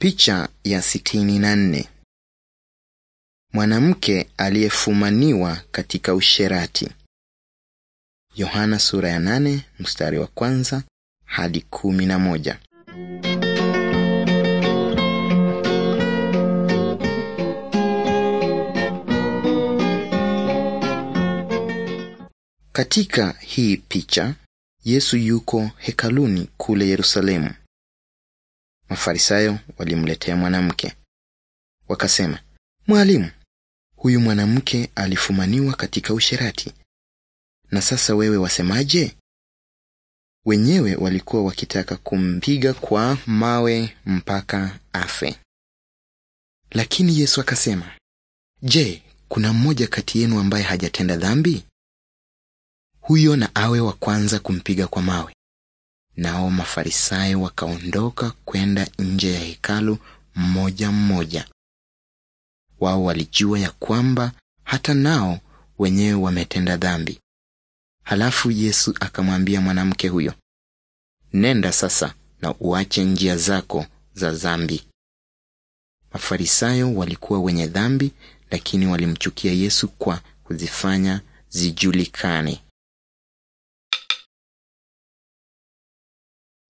Picha ya sitini na nne. Mwanamke aliyefumaniwa katika usherati. Yohana sura ya nane mstari wa kwanza hadi kumi na moja. Katika hii picha Yesu yuko hekaluni kule Yerusalemu Mafarisayo walimletea mwanamke, wakasema, Mwalimu, huyu mwanamke alifumaniwa katika usherati, na sasa wewe wasemaje? Wenyewe walikuwa wakitaka kumpiga kwa mawe mpaka afe. Lakini Yesu akasema, Je, kuna mmoja kati yenu ambaye hajatenda dhambi? Huyo na awe wa kwanza kumpiga kwa mawe. Nao Mafarisayo wakaondoka kwenda nje ya hekalu mmoja mmoja. Wao walijua ya kwamba hata nao wenyewe wametenda dhambi. Halafu Yesu akamwambia mwanamke huyo, nenda sasa na uache njia zako za dhambi. Mafarisayo walikuwa wenye dhambi, lakini walimchukia Yesu kwa kuzifanya zijulikane.